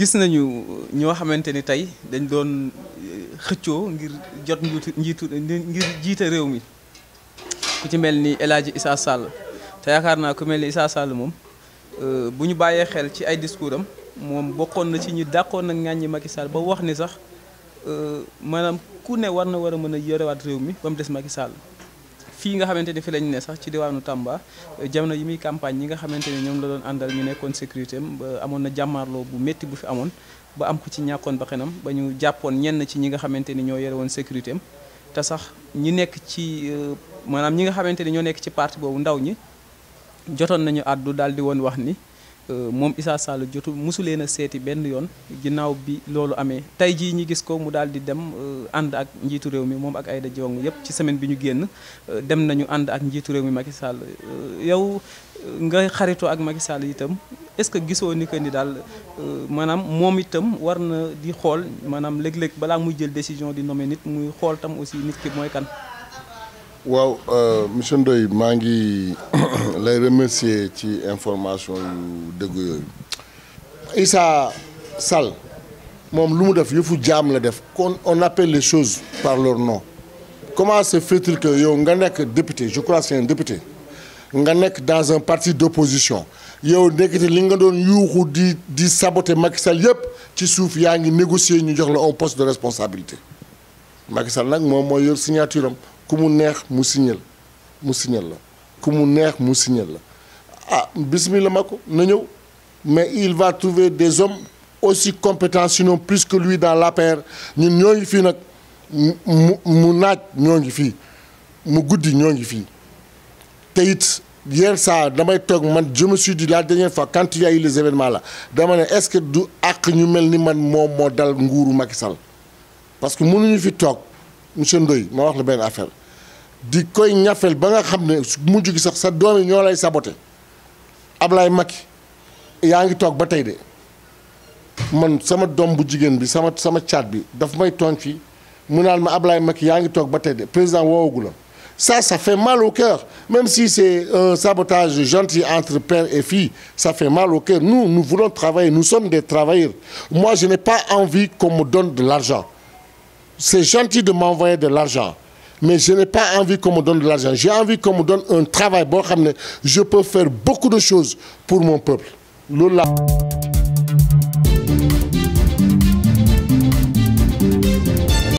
gis nañu ñoo xamante ni tey dañ doon eh, xëccoo ngir jot njiitu njiitu ngir jiite réew mi ku ci mel ni El Hadji Issa Sall te yaakaar naa ku mel ni Issa Sall moom eh, bu ñu bàyyee xel ci ay discours moom bokkoon na ci ñu dàqoon ak ñaañi Macky Sall ba wax ni sax eh, maanaam ku ne war na war a mën a yorewaat réew mi ba mu des Macky Sall fii nga xamante ni fi lañ ne sax ci diwaanu Tamba euh, jamono yi muy campagne ñi nga xamante ni ñoom la doon àndal ñu nekkoon sécurité am amoon na jàmmaarloo bu métti bu fi amoon ba am ko ci ñàkkoon ba xenam ba ñu jàppoon ñenn ci ñi nga xamante ni ñoo yore woon sécurité te sax ñi nekk ci euh, maanaam ñi nga xamante ni ñoo nekk ci parti boobu ndaw ñi jotoon nañu àddu daal di woon wax ni Euh, moom Issa Sall jotu mosuleen a seeti benn yoon ginnaaw bi loolu amee tey jii ñi gis ko mu daal di dem euh, ànd ak njiitu réew mi moom ak Aïda Diong yëpp ci semaine bi ñu génn euh, dem nañu ànd ak njiitu réew mi Macky Sall yow nga xaritoo ak Macky Sall itam est-ce que gisoo ni que ni daal maanaam moom itam war na di xool maanaam léeg-léeg balaa muy jël décision di nommer nit muy xool tam aussi nit ki mooy kan. waaw euh, monsieur Ndoye Mangi, ngi remercier ci information yu dëgg yooyu Issa Sall moom lu mu def yëfu jaam la def on appelle les choses par leur nom comment se fait-il que yow nga nekk député je crois c'est un député nga nekk dans un parti d'opposition yow nekkati li nga doon yuuxu di di saboter Macky Sall yëpp ci suuf yaa ngi négocier ñu jox la un poste de responsabilité Macky Sall nag moom mooy yor signature ku mu neex mu signal mu signal la ku neex mu signal la ah bismillah ma ko mais il va trouver des hommes aussi compétents sinon plus que lui dans l'APR ñun ñoo ngi fii nag mu mu naaj ñoo ngi fii mu guddi ñoo ngi fii te it hier ça damay toog man je me suis dit la dernière fois quand il y a eu les événements là dama ne est-ce que du àq ñu mel ni man moom moo dal nguuru Macky Sall parce que mënuñu fi toog monsieur Ndoye ma wax la benn affaire di koy ñafel ba nga xamne ne gi sax sa doom ñolay saboter ablay sabote Ablaye Macky yaa ngi toog ba tay de man sama dom bu jigen bi sama sama chat bi daf may ton fi mu naan ma ablay Macky yaa ngi ba tay de president la ça ça fait mal au cœur même si c'est un sabotage gentil entre père et fille ça fait mal au cœur nous nous voulons travailler nous sommes des travailleurs moi je n'ai pas envie qu'on me donne de l'argent c'est gentil de m'envoyer de l'argent mais je n'ai pas envie qu'on me donne de l'argent. J'ai envie qu'on me donne un travail bon. Je peux faire beaucoup de choses pour mon peuple. Lola.